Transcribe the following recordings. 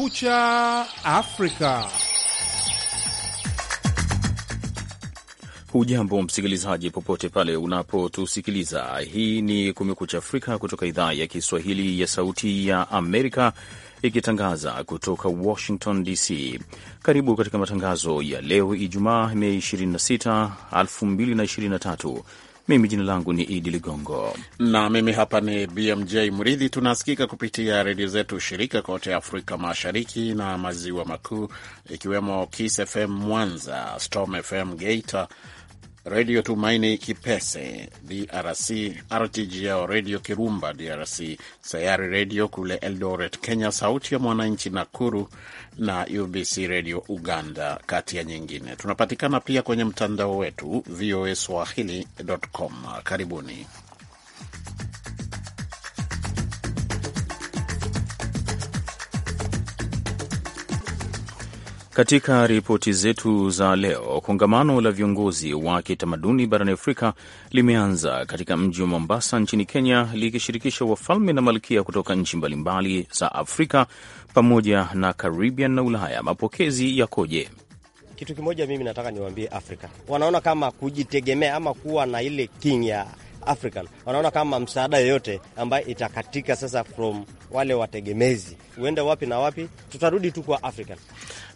Kumekucha Afrika. Hujambo msikilizaji, popote pale unapotusikiliza. Hii ni Kumekucha Afrika kutoka idhaa ya Kiswahili ya Sauti ya Amerika, ikitangaza kutoka Washington DC. Karibu katika matangazo ya leo Ijumaa, Mei 26, 2023 mimi jina langu ni Idi Ligongo na mimi hapa ni BMJ Mridhi. Tunasikika kupitia redio zetu shirika kote Afrika Mashariki na Maziwa Makuu, ikiwemo Kiss FM Mwanza, Storm FM Geita, Redio Tumaini Kipese DRC, RTGL Redio Kirumba DRC, Sayari Redio kule Eldoret Kenya, Sauti ya Mwananchi Nakuru na UBC Redio Uganda, kati ya nyingine. Tunapatikana pia kwenye mtandao wetu VOA swahili.com. Karibuni. Katika ripoti zetu za leo, kongamano la viongozi wa kitamaduni barani Afrika limeanza katika mji wa Mombasa nchini Kenya, likishirikisha wafalme na malkia kutoka nchi mbalimbali za Afrika pamoja na Caribbean na Ulaya. Mapokezi yakoje? Kitu kimoja mimi nataka niwaambie, Afrika wanaona kama kujitegemea ama kuwa na ile king ya African wanaona kama msaada yoyote ambayo itakatika sasa from wale wategemezi uende wapi na wapi, tutarudi tu kwa African.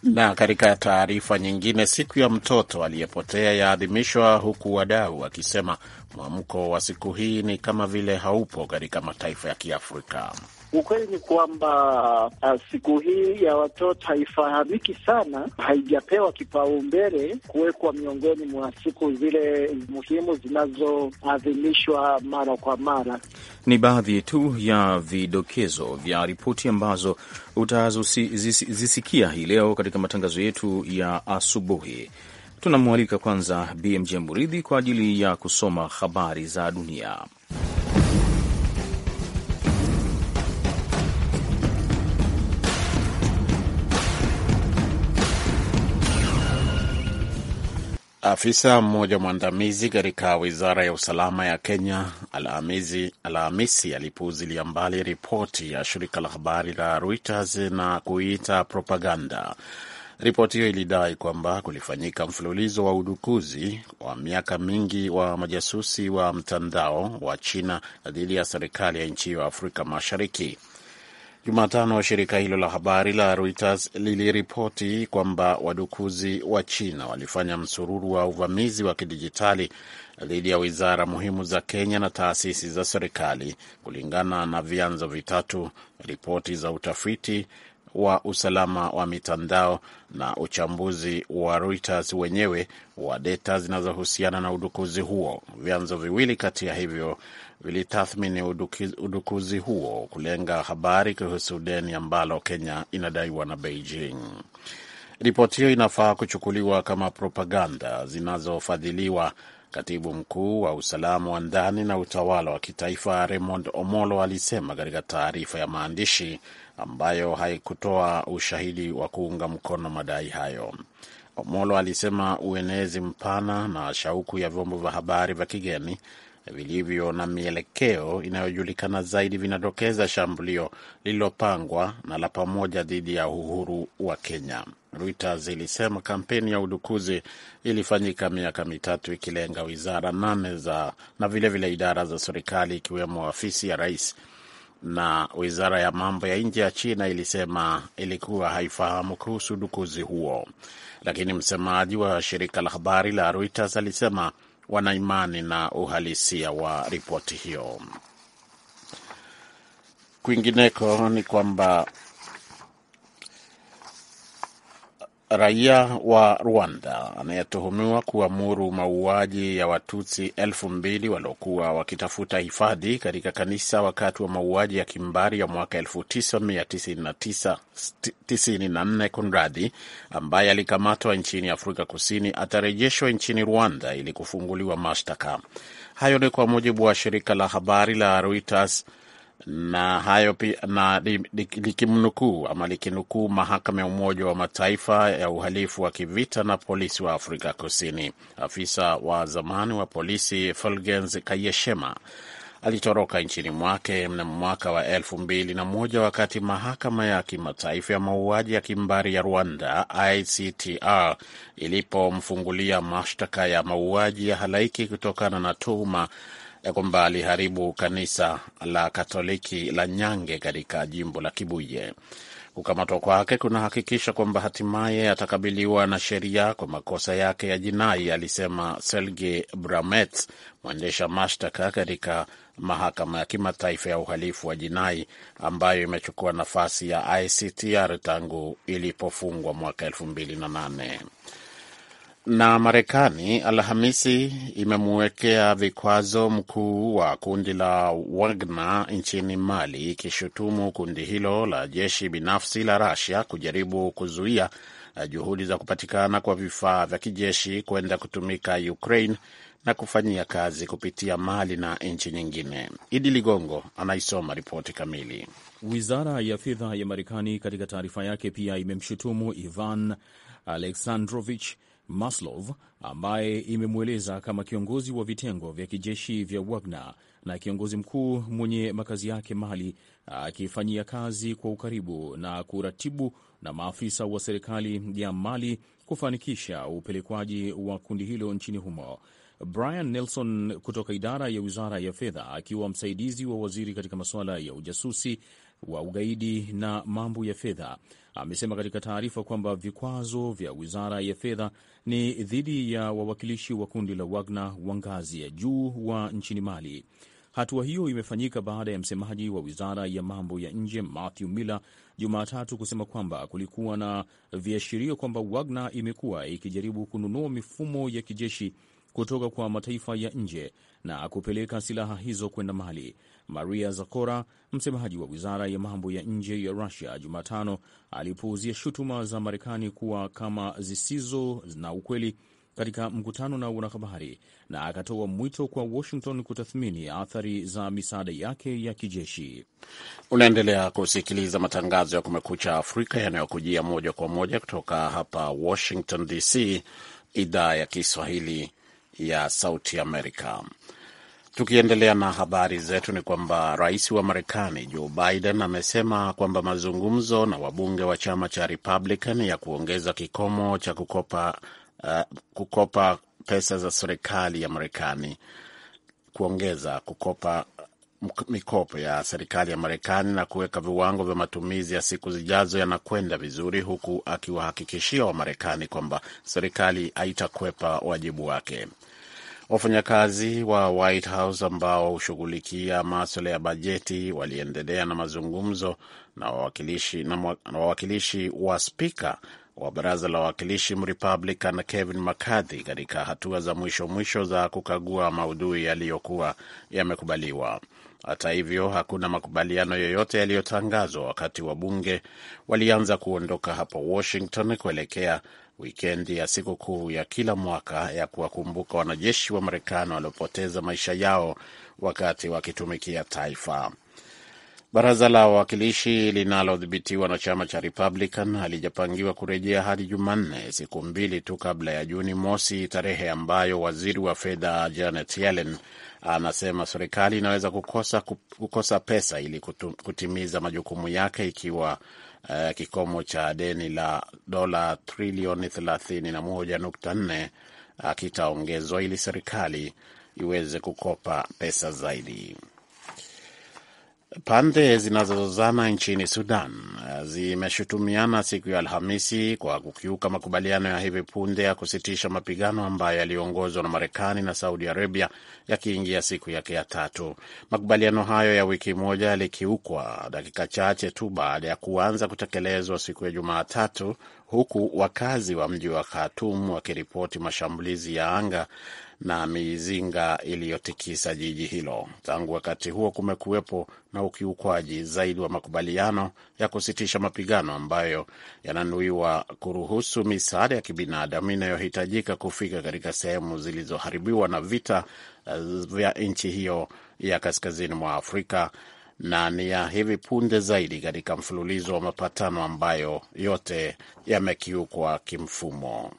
Na katika taarifa nyingine, siku ya mtoto aliyepotea yaadhimishwa huku wadau wakisema mwamko wa siku hii ni kama vile haupo katika mataifa ya Kiafrika. Ukweli ni kwamba uh, siku hii ya watoto haifahamiki sana, haijapewa kipaumbele kuwekwa miongoni mwa siku zile muhimu zinazoadhimishwa mara kwa mara. Ni baadhi tu ya vidokezo vya ripoti ambazo utazozisikia hii leo katika matangazo yetu ya asubuhi. Tunamwalika kwanza BMJ Muridhi kwa ajili ya kusoma habari za dunia. Afisa mmoja mwandamizi katika wizara ya usalama ya Kenya Alhamisi, Alhamisi alipuuzilia mbali ripoti ya shirika la habari la Reuters na kuita propaganda. Ripoti hiyo ilidai kwamba kulifanyika mfululizo wa udukuzi wa miaka mingi wa majasusi wa mtandao wa China dhidi ya serikali ya nchi hiyo Afrika Mashariki. Jumatano shirika hilo la habari la Reuters liliripoti kwamba wadukuzi wa China walifanya msururu wa uvamizi wa kidijitali dhidi ya wizara muhimu za Kenya na taasisi za serikali, kulingana na vyanzo vitatu, ripoti za utafiti wa usalama wa mitandao na uchambuzi wa Reuters wenyewe wa deta zinazohusiana na udukuzi huo. Vyanzo viwili kati ya hivyo vilitathmini udukuzi huo kulenga habari kuhusu deni ambalo Kenya inadaiwa na Beijing. Ripoti hiyo inafaa kuchukuliwa kama propaganda zinazofadhiliwa. Katibu mkuu wa usalama wa ndani na utawala wa kitaifa Raymond Omolo alisema katika taarifa ya maandishi ambayo haikutoa ushahidi wa kuunga mkono madai hayo. Omolo alisema uenezi mpana na shauku ya vyombo vya habari vya kigeni vilivyo na mielekeo inayojulikana zaidi vinadokeza shambulio lililopangwa na la pamoja dhidi ya uhuru wa Kenya. Reuters ilisema kampeni ya udukuzi ilifanyika miaka mitatu ikilenga wizara nane za na vilevile vile idara za serikali ikiwemo afisi ya rais na wizara ya mambo ya nje ya China ilisema ilikuwa haifahamu kuhusu udukuzi huo, lakini msemaji wa shirika la habari la Reuters alisema wanaimani na uhalisia wa ripoti hiyo. Kwingineko ni kwamba raia wa Rwanda anayetuhumiwa kuamuru mauaji ya Watutsi elfu mbili waliokuwa wakitafuta hifadhi katika kanisa wakati wa mauaji ya kimbari ya mwaka 1994 kunradhi, ambaye alikamatwa nchini Afrika Kusini atarejeshwa nchini Rwanda ili kufunguliwa mashtaka. Hayo ni kwa mujibu wa shirika la habari la Reuters na hayo pia li, li, ama likinukuu mahakama ya Umoja wa Mataifa ya uhalifu wa kivita na polisi wa Afrika Kusini. Afisa wa zamani wa polisi Fulgens Kayeshema alitoroka nchini mwake mnamo mwaka wa elfu mbili na moja wakati mahakama ya kimataifa ya mauaji ya kimbari ya Rwanda ICTR ilipomfungulia mashtaka ya mauaji ya halaiki kutokana na tuhuma ya kwamba aliharibu kanisa la Katoliki la Nyange katika jimbo la Kibuye. Kukamatwa kwake kunahakikisha kwamba hatimaye atakabiliwa na sheria kwa makosa yake ya jinai, alisema Sergey Bramets, mwendesha mashtaka katika mahakama ya kimataifa ya uhalifu wa jinai ambayo imechukua nafasi ya ICTR tangu ilipofungwa mwaka elfu mbili na nane. Na Marekani Alhamisi imemwekea vikwazo mkuu wa kundi la Wagner nchini Mali, ikishutumu kundi hilo la jeshi binafsi la rasia kujaribu kuzuia eh, juhudi za kupatikana kwa vifaa vya kijeshi kwenda kutumika Ukraine na kufanyia kazi kupitia Mali na nchi nyingine. Idi Ligongo anaisoma ripoti kamili. Wizara ya fedha ya Marekani katika taarifa yake pia imemshutumu Ivan Aleksandrovich Maslov ambaye imemweleza kama kiongozi wa vitengo vya kijeshi vya Wagner na kiongozi mkuu mwenye makazi yake Mali, akifanyia kazi kwa ukaribu na kuratibu na maafisa wa serikali ya Mali kufanikisha upelekwaji wa kundi hilo nchini humo. Brian Nelson kutoka idara ya wizara ya fedha, akiwa msaidizi wa waziri katika masuala ya ujasusi wa ugaidi na mambo ya fedha amesema katika taarifa kwamba vikwazo vya wizara ya fedha ni dhidi ya wawakilishi wa kundi la Wagner wa ngazi ya juu wa nchini Mali. Hatua hiyo imefanyika baada ya msemaji wa wizara ya mambo ya nje Matthew Miller Jumatatu kusema kwamba kulikuwa na viashirio kwamba Wagner imekuwa ikijaribu kununua mifumo ya kijeshi kutoka kwa mataifa ya nje na kupeleka silaha hizo kwenda Mali. Maria zakora msemaji wa wizara ya mambo ya nje ya Rusia, Jumatano alipuuzia shutuma za Marekani kuwa kama zisizo na ukweli katika mkutano na wanahabari na akatoa mwito kwa Washington kutathmini athari za misaada yake ya kijeshi. Unaendelea kusikiliza matangazo ya Kumekucha Afrika yanayokujia moja kwa moja kutoka hapa Washington DC, idhaa ya Kiswahili ya Sauti Amerika. Tukiendelea na habari zetu ni kwamba rais wa Marekani Joe Biden amesema kwamba mazungumzo na wabunge wa chama cha Republican ya kuongeza kikomo cha kukopa, uh, kukopa pesa za serikali ya Marekani kuongeza kukopa mikopo ya serikali ya Marekani na kuweka viwango vya matumizi ya siku zijazo yanakwenda vizuri, huku akiwahakikishia Wamarekani kwamba serikali haitakwepa wajibu wake. Wafanyakazi wa White House ambao hushughulikia maswala ya bajeti waliendelea na mazungumzo na wawakilishi, na wawakilishi wa spika wa baraza la wawakilishi Mrepublican Kevin McCarthy katika hatua za mwisho mwisho za kukagua maudhui yaliyokuwa yamekubaliwa. Hata hivyo, hakuna makubaliano yoyote yaliyotangazwa wakati wa bunge walianza kuondoka hapo Washington kuelekea wikendi ya sikukuu ya kila mwaka ya kuwakumbuka wanajeshi wa Marekani waliopoteza maisha yao wakati wakitumikia taifa. Baraza la wawakilishi linalodhibitiwa na chama cha Republican halijapangiwa kurejea hadi Jumanne, siku mbili tu kabla ya Juni mosi, tarehe ambayo waziri wa fedha Janet Yellen anasema serikali inaweza kukosa, kukosa pesa ili kutimiza majukumu yake ikiwa uh, kikomo cha deni la dola trilioni 31.4 akitaongezwa uh, ili serikali iweze kukopa pesa zaidi. Pande zinazozozana nchini Sudan eh, zimeshutumiana siku ya Alhamisi kwa kukiuka makubaliano ya hivi punde ya kusitisha mapigano ambayo yaliongozwa na Marekani na Saudi Arabia yakiingia siku yake ya tatu. Makubaliano hayo ya wiki moja yalikiukwa dakika chache tu baada ya kuanza kutekelezwa siku ya Jumatatu, huku wakazi wa mji wa Khartoum wakiripoti mashambulizi ya anga na mizinga iliyotikisa jiji hilo. Tangu wakati huo, kumekuwepo na ukiukwaji zaidi wa makubaliano ya kusitisha mapigano ambayo yananuiwa kuruhusu misaada ya kibinadamu inayohitajika kufika katika sehemu zilizoharibiwa na vita eh, vya nchi hiyo ya kaskazini mwa Afrika na ni ya hivi punde zaidi katika mfululizo wa mapatano ambayo yote yamekiukwa kimfumo.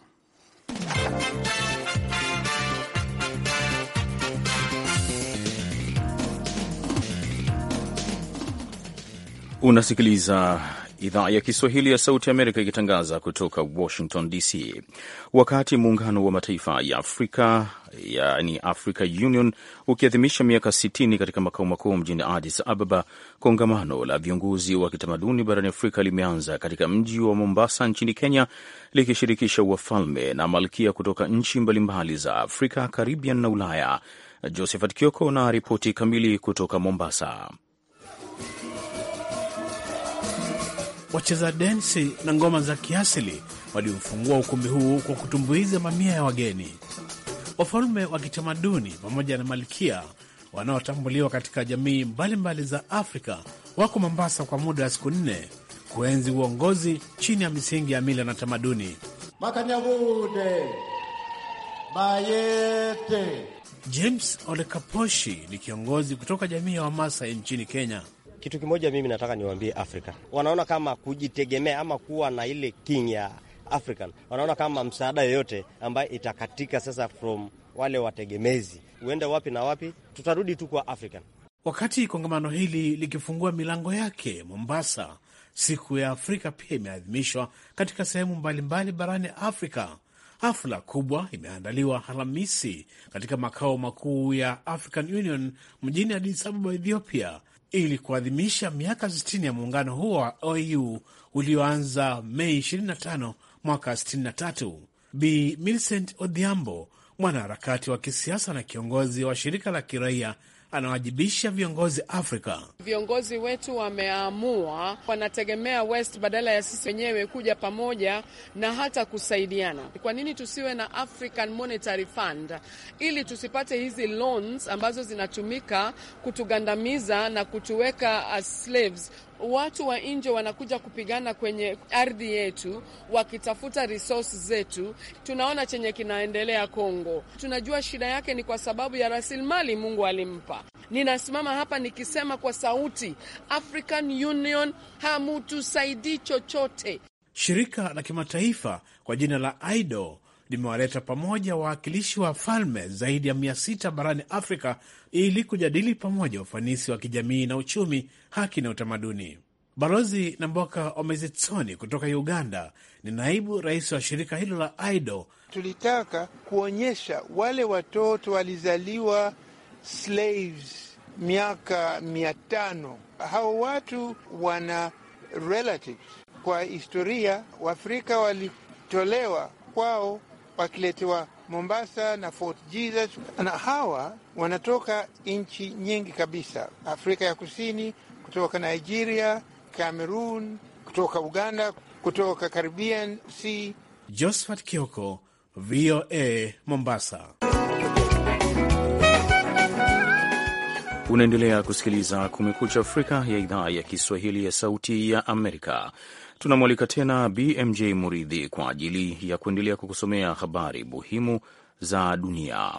Unasikiliza Idhaa ya Kiswahili ya Sauti Amerika ikitangaza kutoka Washington DC. Wakati muungano wa mataifa ya Afrika yaani Africa Union ukiadhimisha miaka 60 katika makao makuu mjini Addis Ababa, kongamano la viongozi wa kitamaduni barani Afrika limeanza katika mji wa Mombasa nchini Kenya, likishirikisha wafalme na malkia kutoka nchi mbalimbali za Afrika, Caribbean na Ulaya. Josephat Kioko na ripoti kamili kutoka Mombasa. wacheza densi na ngoma za kiasili waliofungua ukumbi huu kwa kutumbuiza mamia ya wageni. Wafalme wa kitamaduni pamoja na malkia wanaotambuliwa katika jamii mbalimbali mbali za Afrika wako Mombasa kwa muda wa siku nne kuenzi uongozi chini ya misingi ya mila na tamaduni. makanyavude Bayete. James Olekaposhi ni kiongozi kutoka jamii ya Wamasai nchini Kenya. Kitu kimoja mimi nataka niwaambie Afrika, wanaona kama kujitegemea ama kuwa na ile king ya African wanaona kama msaada yoyote ambayo itakatika sasa from wale wategemezi uende wapi na wapi, tutarudi tu kwa African. Wakati kongamano hili likifungua milango yake Mombasa, siku ya Afrika pia imeadhimishwa katika sehemu mbalimbali barani Afrika. Hafla kubwa imeandaliwa Alhamisi katika makao makuu ya African Union mjini Addis Ababa, Ethiopia ili kuadhimisha miaka 60 ya muungano huo wa OU ulioanza Mei 25 mwaka 63. Bi Millicent Odhiambo, mwanaharakati wa kisiasa na kiongozi wa shirika la kiraia anawajibisha viongozi Afrika. Viongozi wetu wameamua, wanategemea West badala ya sisi wenyewe kuja pamoja na hata kusaidiana. Kwa nini tusiwe na African Monetary Fund ili tusipate hizi loans ambazo zinatumika kutugandamiza na kutuweka as slaves watu wa nje wanakuja kupigana kwenye ardhi yetu wakitafuta resources zetu. Tunaona chenye kinaendelea Kongo, tunajua shida yake ni kwa sababu ya rasilimali Mungu alimpa. Ninasimama hapa nikisema kwa sauti, African Union hamutusaidii chochote. Shirika la kimataifa kwa jina la IDO limewaleta pamoja wawakilishi wa falme zaidi ya mia sita barani Afrika ili kujadili pamoja ufanisi wa kijamii na uchumi, haki na utamaduni. Balozi Namboka omezitsoni kutoka Uganda ni naibu rais wa shirika hilo la AIDO. Tulitaka kuonyesha wale watoto walizaliwa slaves miaka mia tano, hao watu wana relatives. Kwa historia Waafrika walitolewa kwao wakiletewa Mombasa na Fort Jesus, na hawa wanatoka nchi nyingi kabisa, Afrika ya Kusini, kutoka Nigeria, Cameroon, kutoka Uganda, kutoka Caribbean Sea. Josephat Kioko, VOA Mombasa. Unaendelea kusikiliza Kumekucha Afrika ya idhaa ya Kiswahili ya Sauti ya Amerika. Tunamwalika tena BMJ Muridhi kwa ajili ya kuendelea kukusomea habari muhimu za dunia.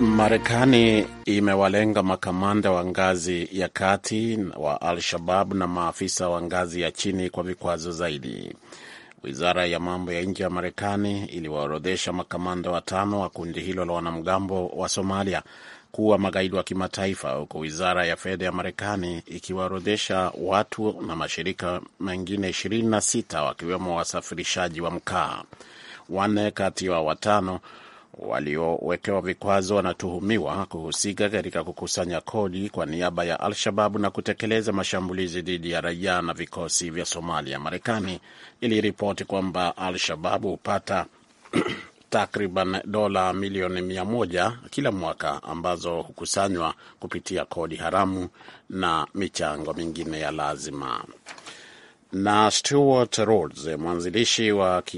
Marekani imewalenga makamanda wa ngazi ya kati wa Al-Shabab na maafisa wa ngazi ya chini kwa vikwazo zaidi. Wizara ya mambo ya nje ya Marekani iliwaorodhesha makamanda watano wa kundi hilo la wanamgambo wa Somalia kuwa magaidi wa kimataifa, huku wizara ya fedha ya Marekani ikiwaorodhesha watu na mashirika mengine 26 wakiwemo wasafirishaji wa mkaa. Wanne kati ya wa watano waliowekewa vikwazo wanatuhumiwa kuhusika katika kukusanya kodi kwa niaba ya Al-Shababu na kutekeleza mashambulizi dhidi ya raia na vikosi vya Somalia. Marekani iliripoti kwamba Al-Shababu hupata takriban dola milioni mia moja kila mwaka ambazo hukusanywa kupitia kodi haramu na michango mingine ya lazima. Na Stuart Rhodes, mwanzilishi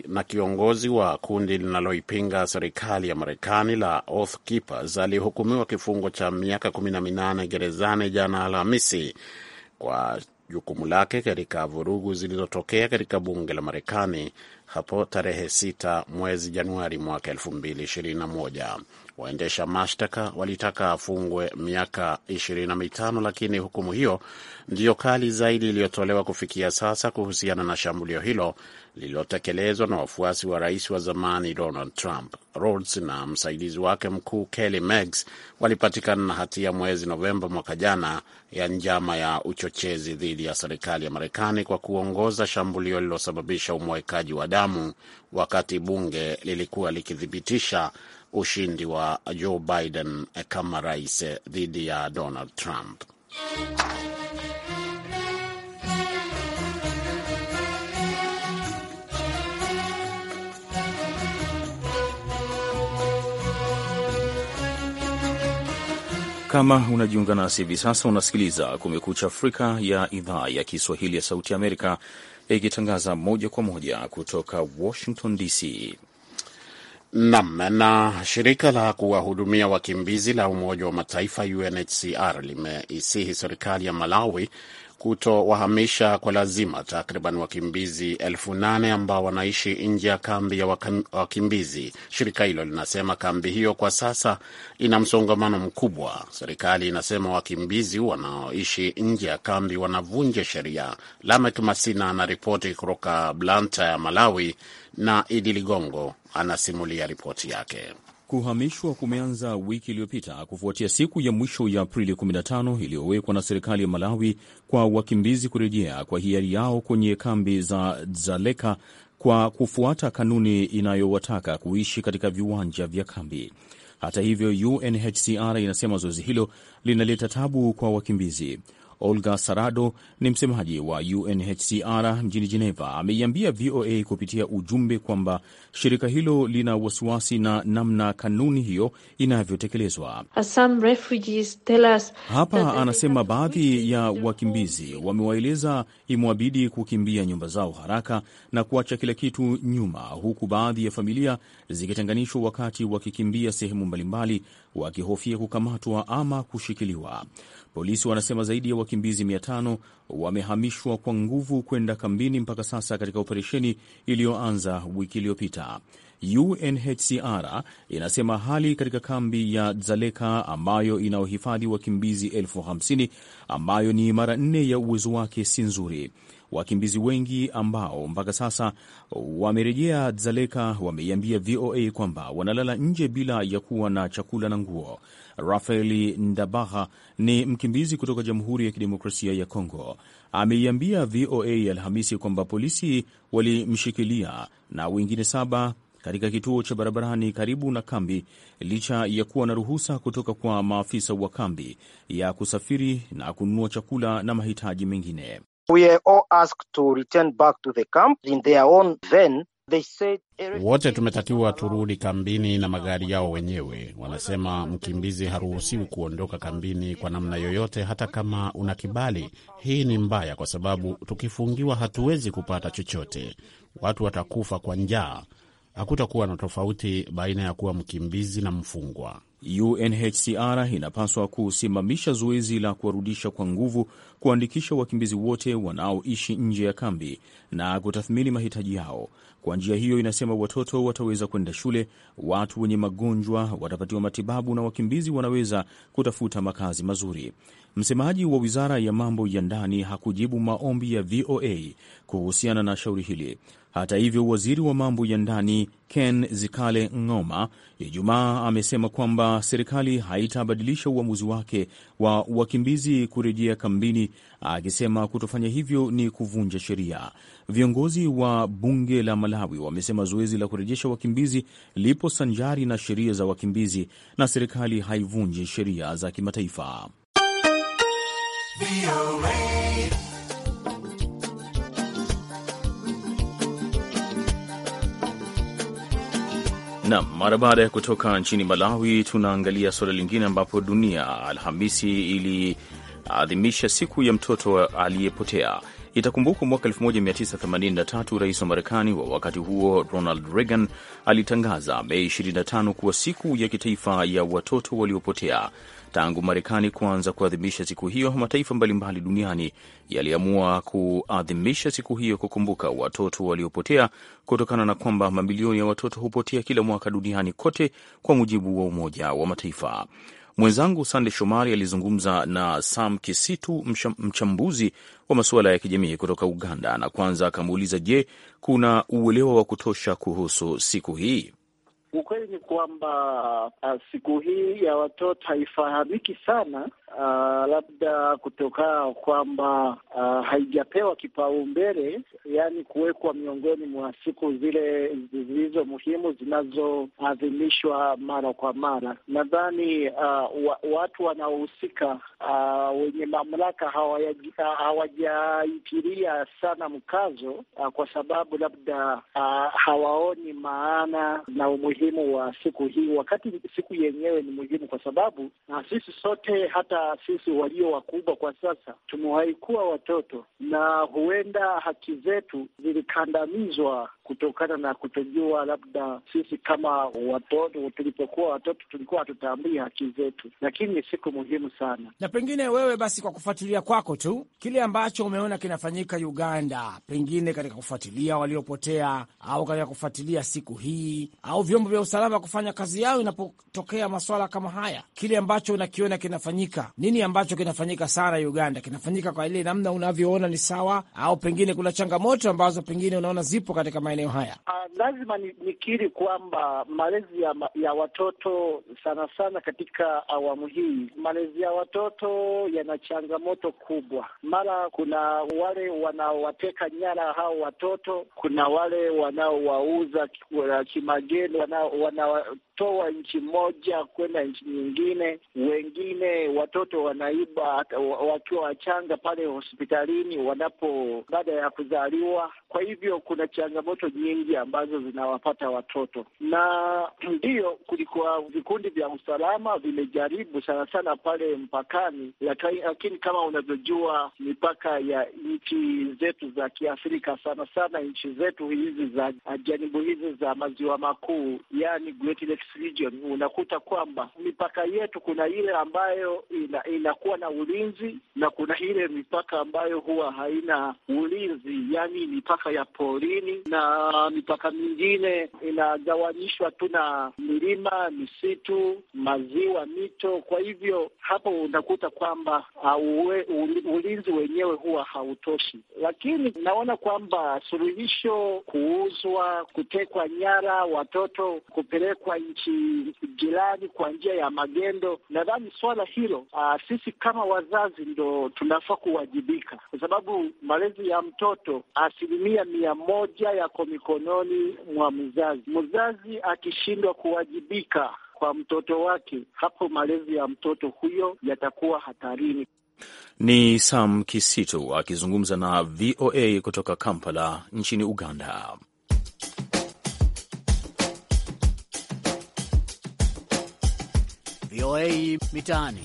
na kiongozi wa kundi linaloipinga serikali ya Marekani la Oath Keepers, alihukumiwa kifungo cha miaka kumi na minane gerezani jana Alhamisi kwa jukumu lake katika vurugu zilizotokea katika bunge la Marekani hapo tarehe 6 mwezi Januari mwaka 2021. Waendesha mashtaka walitaka afungwe miaka ishirini na mitano, lakini hukumu hiyo ndiyo kali zaidi iliyotolewa kufikia sasa kuhusiana na shambulio hilo lililotekelezwa na wafuasi wa rais wa zamani Donald Trump. Rhodes na msaidizi wake mkuu Kelly Meggs walipatikana na hatia mwezi Novemba mwaka jana ya njama ya uchochezi dhidi ya serikali ya Marekani kwa kuongoza shambulio lililosababisha umwekaji wa damu wakati bunge lilikuwa likithibitisha ushindi wa Joe Biden kama rais dhidi ya Donald Trump. Kama unajiunga nasi hivi sasa, unasikiliza Kumekucha Afrika ya idhaa ya Kiswahili ya Sauti ya Amerika, ikitangaza moja kwa moja kutoka Washington DC. Nam. Na shirika la kuwahudumia wakimbizi la Umoja wa Mataifa UNHCR limeisihi serikali ya Malawi kutowahamisha kwa lazima takriban wakimbizi elfu nane ambao wanaishi nje ya kambi ya wakimbizi. Shirika hilo linasema kambi hiyo kwa sasa ina msongamano mkubwa. Serikali inasema wakimbizi wanaoishi nje ya kambi wanavunja sheria. Lamek Masina anaripoti kutoka Blanta ya Malawi na Idi Ligongo anasimulia ripoti yake. Kuhamishwa kumeanza wiki iliyopita kufuatia siku ya mwisho ya Aprili 15 iliyowekwa na serikali ya Malawi kwa wakimbizi kurejea kwa hiari yao kwenye kambi za Dzaleka kwa kufuata kanuni inayowataka kuishi katika viwanja vya kambi. Hata hivyo, UNHCR inasema zoezi hilo linaleta tabu kwa wakimbizi. Olga Sarado ni msemaji wa UNHCR mjini Geneva, ameiambia VOA kupitia ujumbe kwamba shirika hilo lina wasiwasi na namna kanuni hiyo inavyotekelezwa hapa. Anasema baadhi ya wakimbizi wamewaeleza imewabidi kukimbia nyumba zao haraka na kuacha kila kitu nyuma, huku baadhi ya familia zikitenganishwa wakati wakikimbia sehemu mbalimbali, wakihofia kukamatwa ama kushikiliwa. Polisi wanasema zaidi ya wakimbizi 5 wamehamishwa kwa nguvu kwenda kambini mpaka sasa katika operesheni iliyoanza wiki iliyopita. UNHCR inasema hali katika kambi ya Dzaleka ambayo inaohifadhi wakimbizi elfu hamsini ambayo ni mara nne ya uwezo wake si nzuri. Wakimbizi wengi ambao mpaka sasa wamerejea Dzaleka wameiambia VOA kwamba wanalala nje bila ya kuwa na chakula na nguo. Rafael Ndabaha ni mkimbizi kutoka Jamhuri ya Kidemokrasia ya Kongo. Ameiambia VOA Alhamisi kwamba polisi walimshikilia na wengine saba katika kituo cha barabarani karibu na kambi, licha ya kuwa na ruhusa kutoka kwa maafisa wa kambi ya kusafiri na kununua chakula na mahitaji mengine. Wote tumetakiwa turudi kambini na magari yao wenyewe. Wanasema mkimbizi haruhusiwi kuondoka kambini kwa namna yoyote, hata kama una kibali. Hii ni mbaya, kwa sababu tukifungiwa hatuwezi kupata chochote. Watu watakufa kwa njaa. Hakutakuwa na tofauti baina ya kuwa mkimbizi na mfungwa. UNHCR inapaswa kusimamisha zoezi la kuwarudisha kwa nguvu, kuandikisha wakimbizi wote wanaoishi nje ya kambi na kutathmini mahitaji yao. Kwa njia hiyo, inasema, watoto wataweza kwenda shule, watu wenye magonjwa watapatiwa matibabu na wakimbizi wanaweza kutafuta makazi mazuri. Msemaji wa wizara ya mambo ya ndani hakujibu maombi ya VOA kuhusiana na shauri hili. Hata hivyo, waziri wa mambo ya ndani Ken Zikale Ng'oma Ijumaa amesema kwamba serikali haitabadilisha uamuzi wake wa wakimbizi kurejea kambini, akisema kutofanya hivyo ni kuvunja sheria. Viongozi wa bunge la Malawi wamesema zoezi la kurejesha wakimbizi lipo sanjari na sheria za wakimbizi na serikali haivunji sheria za kimataifa. Nam, mara baada ya kutoka nchini Malawi, tunaangalia suala lingine ambapo dunia Alhamisi iliadhimisha siku ya mtoto aliyepotea. Itakumbukwa mwaka 1983 rais wa Marekani wa wakati huo Ronald Reagan alitangaza Mei 25 kuwa siku ya kitaifa ya watoto waliopotea. Tangu Marekani kuanza kuadhimisha siku hiyo, mataifa mbalimbali duniani yaliamua kuadhimisha siku hiyo kukumbuka watoto waliopotea, kutokana na kwamba mamilioni ya watoto hupotea kila mwaka duniani kote, kwa mujibu wa Umoja wa Mataifa. Mwenzangu Sande Shomari alizungumza na Sam Kisitu, mchambuzi wa masuala ya kijamii kutoka Uganda, na kwanza akamuuliza, je, kuna uelewa wa kutosha kuhusu siku hii? Ukweli ni kwamba ah, siku hii ya watoto haifahamiki sana, Uh, labda kutokana kwamba uh, haijapewa kipaumbele, yaani kuwekwa miongoni mwa siku zile zilizo muhimu zinazoadhimishwa mara kwa mara. Nadhani uh, wa, watu wanaohusika uh, wenye mamlaka hawajaitilia sana mkazo uh, kwa sababu labda uh, hawaoni maana na umuhimu wa siku hii, wakati siku yenyewe ni muhimu, kwa sababu uh, sisi sote hata sisi walio wakubwa kwa sasa tumewahi kuwa watoto, na huenda haki zetu zilikandamizwa kutokana na kutojua, labda sisi kama watoto tulipokuwa watoto tulikuwa hatutambui haki zetu, lakini ni siku muhimu sana. Na pengine wewe basi, kwa kufuatilia kwako tu kile ambacho umeona kinafanyika Uganda, pengine katika kufuatilia waliopotea au katika kufuatilia siku hii au vyombo vya usalama kufanya kazi yao inapotokea maswala kama haya, kile ambacho unakiona kinafanyika, nini ambacho kinafanyika sana Uganda, kinafanyika kwa ile namna unavyoona ni sawa, au pengine kuna changamoto ambazo pengine unaona zipo katika maeneo haya? Uh, lazima nikiri kwamba malezi ya, ya watoto sana sana katika awamu hii, malezi ya watoto yana changamoto kubwa. Mara kuna wale wanaowateka nyara hao watoto, kuna wale wanaowauza uh, kimagendo, wana, kutoa nchi moja kwenda nchi nyingine, wengine watoto wanaiba wakiwa wachanga pale hospitalini wanapo baada ya kuzaliwa. Kwa hivyo kuna changamoto nyingi ambazo zinawapata watoto, na ndiyo kulikuwa vikundi vya usalama vimejaribu sana sana pale mpakani, lakini kama unavyojua mipaka ya nchi zetu za Kiafrika sana sana nchi zetu hizi za janibu hizi za maziwa makuu, yani Great region, unakuta kwamba mipaka yetu kuna ile ambayo ina, inakuwa na ulinzi na kuna ile mipaka ambayo huwa haina ulinzi, yani mipaka ya porini na mipaka mingine inagawanyishwa tu na milima, misitu, maziwa, mito. Kwa hivyo hapo unakuta kwamba auwe, ulinzi wenyewe huwa hautoshi, lakini naona kwamba suluhisho kuuzwa, kutekwa nyara watoto, kupelekwa nchi jirani kwa njia ya magendo. Nadhani swala hilo aa, ah, sisi kama wazazi ndo tunafaa kuwajibika, kwa sababu malezi ya mtoto asilimia mia moja yako mikononi mwa mzazi. Mzazi akishindwa kuwajibika kwa mtoto wake, hapo malezi ya mtoto huyo yatakuwa hatarini. Ni Sam Kisito akizungumza na VOA kutoka Kampala nchini Uganda. VOA Mitaani.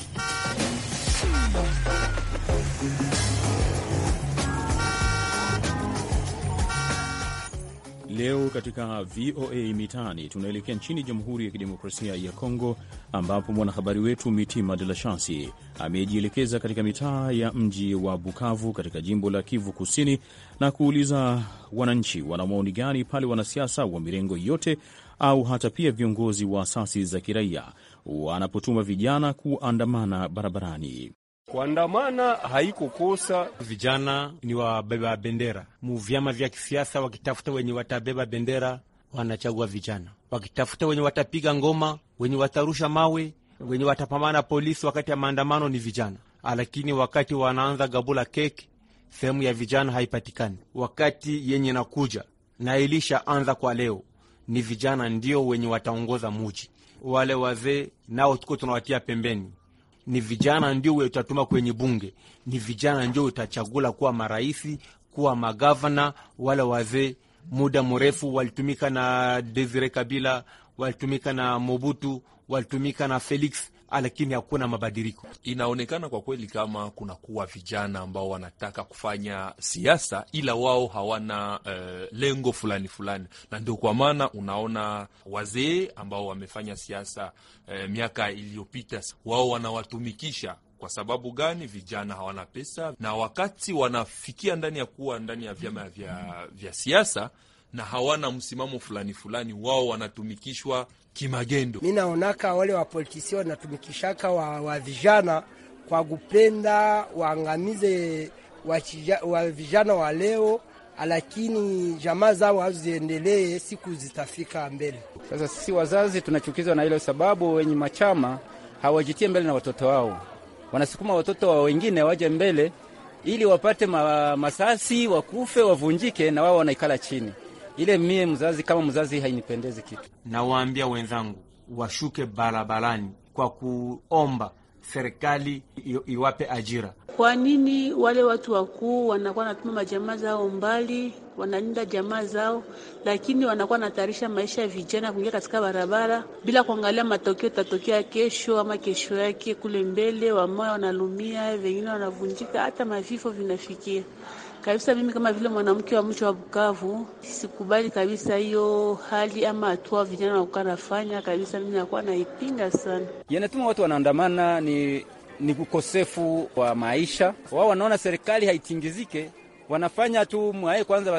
Leo katika VOA Mitaani tunaelekea nchini Jamhuri ya Kidemokrasia ya Kongo, ambapo mwanahabari wetu Mitima De La Shansi amejielekeza katika mitaa ya mji wa Bukavu katika jimbo la Kivu Kusini na kuuliza wananchi wana maoni gani pale wanasiasa wa mirengo yote au hata pia viongozi wa asasi za kiraia wanapotuma vijana kuandamana barabarani. Kuandamana haiko kosa. Vijana ni wabeba bendera mu vyama vya kisiasa, wakitafuta wenye watabeba bendera, wanachagua vijana, wakitafuta wenye watapiga ngoma, wenye watarusha mawe, wenye watapambana polisi wakati ya maandamano ni vijana, lakini wakati wanaanza gabula keki, sehemu ya vijana haipatikani. Wakati yenye nakuja na ilisha anza kwa leo, ni vijana ndio wenye wataongoza muji wale wazee nao tuko tunawatia pembeni. Ni vijana ndio utatuma kwenye bunge, ni vijana ndio utachagula kuwa maraisi, kuwa magavana. Wale wazee muda mrefu walitumika na Desire Kabila, walitumika na Mobutu, walitumika na Felix Ah, lakini hakuna mabadiliko. Inaonekana kwa kweli kama kunakuwa vijana ambao wanataka kufanya siasa, ila wao hawana uh, lengo fulani fulani, na ndio kwa maana unaona wazee ambao wamefanya siasa uh, miaka iliyopita, wao wanawatumikisha kwa sababu gani? Vijana hawana pesa, na wakati wanafikia ndani ya kuwa ndani ya vyama vya, vya siasa na hawana msimamo fulani fulani, wao wanatumikishwa kimagendo. Mi naonaka wale wapolitisi wanatumikishaka wa, wa vijana kwa kupenda waangamize wa vijana wa leo, lakini jamaa zao haziendelee, siku zitafika mbele. Sasa sisi wazazi tunachukizwa na ile sababu, wenye machama hawajitie mbele na watoto wao, wanasukuma watoto wa wengine waje mbele ili wapate ma, masasi, wakufe, wavunjike na wao wanaikala chini ile mie mzazi kama mzazi hainipendezi kitu. Nawaambia wenzangu washuke barabarani kwa kuomba serikali iwape ajira. Kwa nini wale watu wakuu wanakuwa wanatuma majamaa zao mbali, wanalinda jamaa zao, lakini wanakuwa wanatayarisha maisha ya vijana kuingia katika barabara bila kuangalia matokeo tatokea kesho ama kesho yake kule mbele. Wamoya wanalumia, wengine wanavunjika, hata mavifo vinafikia kabisa. Mimi kama vile mwanamke wa mji wa Bukavu sikubali kabisa hiyo hali ama hatua vijana wanakuwa nafanya kabisa, mimi nakuwa naipinga sana. Yanatuma watu wanaandamana ni ni ukosefu wa maisha wao, wanaona serikali haitingizike, wanafanya tu mwae kwanza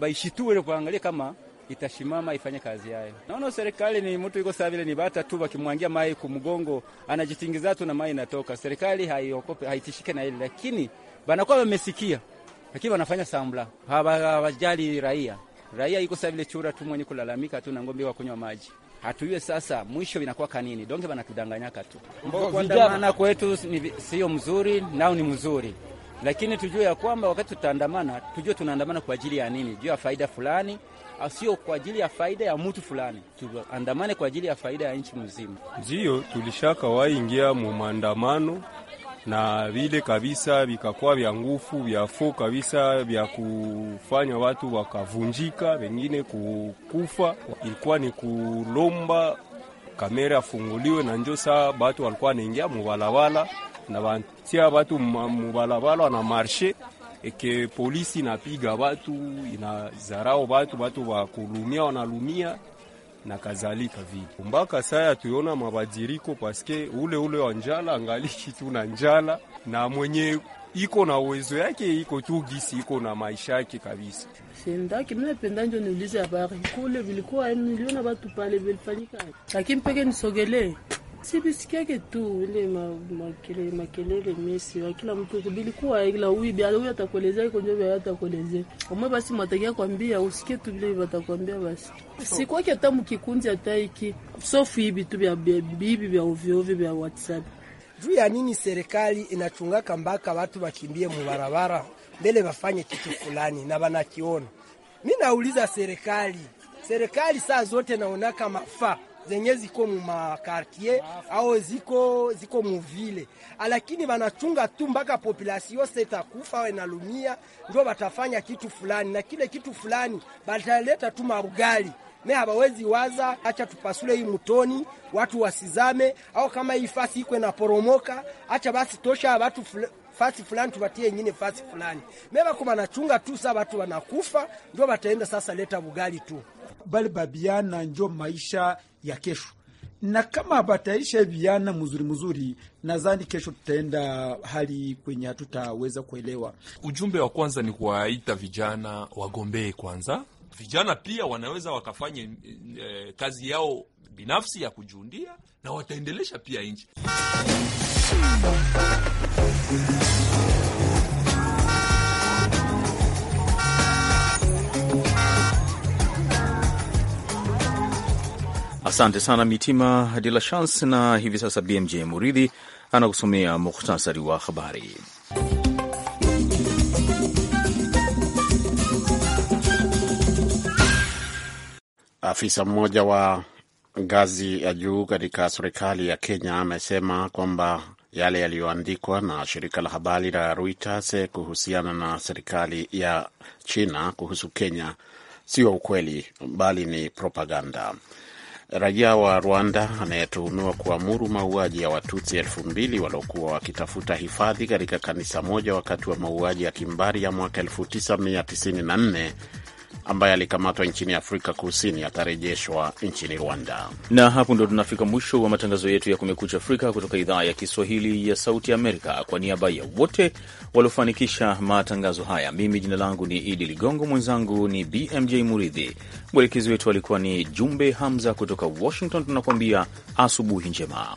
waishitue kuangalia kama itashimama ifanye kazi yayo. Naona serikali ni mtu iko sawa vile ni bata tu, wakimwangia mai kumgongo anajitingiza tu na mai inatoka. Serikali haiokope haitishike na ile, lakini banakuwa wamesikia lakini wanafanya sambla, hawajali raia. Raia iko saa vile chura tu, mwenye kulalamika tu na ng'ombe wa kunywa maji. Hatujue sasa mwisho inakuwa kanini, donge wanatudanganyaka tu. Kuandamana kwetu sio mzuri, nao ni mzuri, lakini tujue ya kwamba wakati tutaandamana, tujue tunaandamana kwa ajili ya nini, juu ya faida fulani sio kwa ajili ya faida ya mtu fulani, tuandamane kwa ajili ya faida ya nchi mzima. Ndio tulishakawaingia waingia mu maandamano na vile kabisa vikakuwa vya nguvu vya fo kabisa vya kufanya watu wakavunjika, wengine kukufa. Ilikuwa ni kulomba kamera afunguliwe, na njo saa batu walikuwa wanaingia mubalabala na batia batu mubalabala na marshe eke polisi inapiga batu inazarao batu, batu wakulumia wanalumia na kadhalika vile. Mpaka saya tuiona mabadiriko paske ule ule wa njala angaliki tu na njala, na mwenye iko na uwezo yake iko tu gisi iko na maisha yake kabisa. Sendaki mimi napenda njo niulize habari kule, vilikuwa niliona watu pale vilifanyika, lakini peke nisogelee Sibisikiake tu ile makelele mesi wa kila mtu bilikuwa ila uibi atakuelezea iko atakuelezea basi mwatakia kwambia usikie tu vile watakwambia basi si kwake hata mkikunzi hata iki sofu hivi tu vya bibi vya ovyo ovyo vya WhatsApp. Juu ya nini serikali inachungaka mpaka watu wakimbie mubarabara mbele bafanye kitu fulani na wanakiona? Mimi nauliza serikali, serikali saa zote naonaka mafaa zenye ziko mu makartier ao ziko ziko muvile, ah, lakini banachunga tu mpaka populasi yose itakufa au inalumia, ndio batafanya kitu fulani, na kile kitu fulani bataleta tu marugali me hawawezi waza, acha tupasule hii mtoni watu wasizame, au kama hii fasi iko poromoka acha basi tosha watu fasi fulani tubatie nyine fasi fulani meba kuma nachunga tu saa watu wanakufa, ndio wataenda sasa leta bugali tu, bali babiana njo maisha ya kesho na kama bataisha viana mzuri mzuri, nadhani kesho tutaenda hali kwenye hatutaweza kuelewa. Ujumbe wa kwanza ni kuwaita vijana wagombee kwanza. Vijana pia wanaweza wakafanye eh, kazi yao binafsi ya kujundia na wataendelesha pia nchi Asante sana Mitima de la Chance. Na hivi sasa BMJ Muridhi anakusomea muhtasari wa habari. Afisa mmoja wa ngazi ya juu katika serikali ya Kenya amesema kwamba yale yaliyoandikwa na shirika la habari la Reuters kuhusiana na serikali ya China kuhusu Kenya sio ukweli, bali ni propaganda. Raia wa Rwanda anayetuhumiwa kuamuru mauaji ya Watutsi elfu mbili waliokuwa wakitafuta hifadhi katika kanisa moja wakati wa mauaji ya kimbari ya mwaka 1994 ambaye alikamatwa nchini Afrika Kusini atarejeshwa nchini Rwanda. Na hapo ndo tunafika mwisho wa matangazo yetu ya Kumekucha Afrika kutoka idhaa ya Kiswahili ya Sauti Amerika. Kwa niaba ya wote waliofanikisha matangazo haya, mimi jina langu ni Idi Ligongo, mwenzangu ni BMJ Muridhi, mwelekezi wetu alikuwa ni Jumbe Hamza. Kutoka Washington tunakuambia asubuhi njema.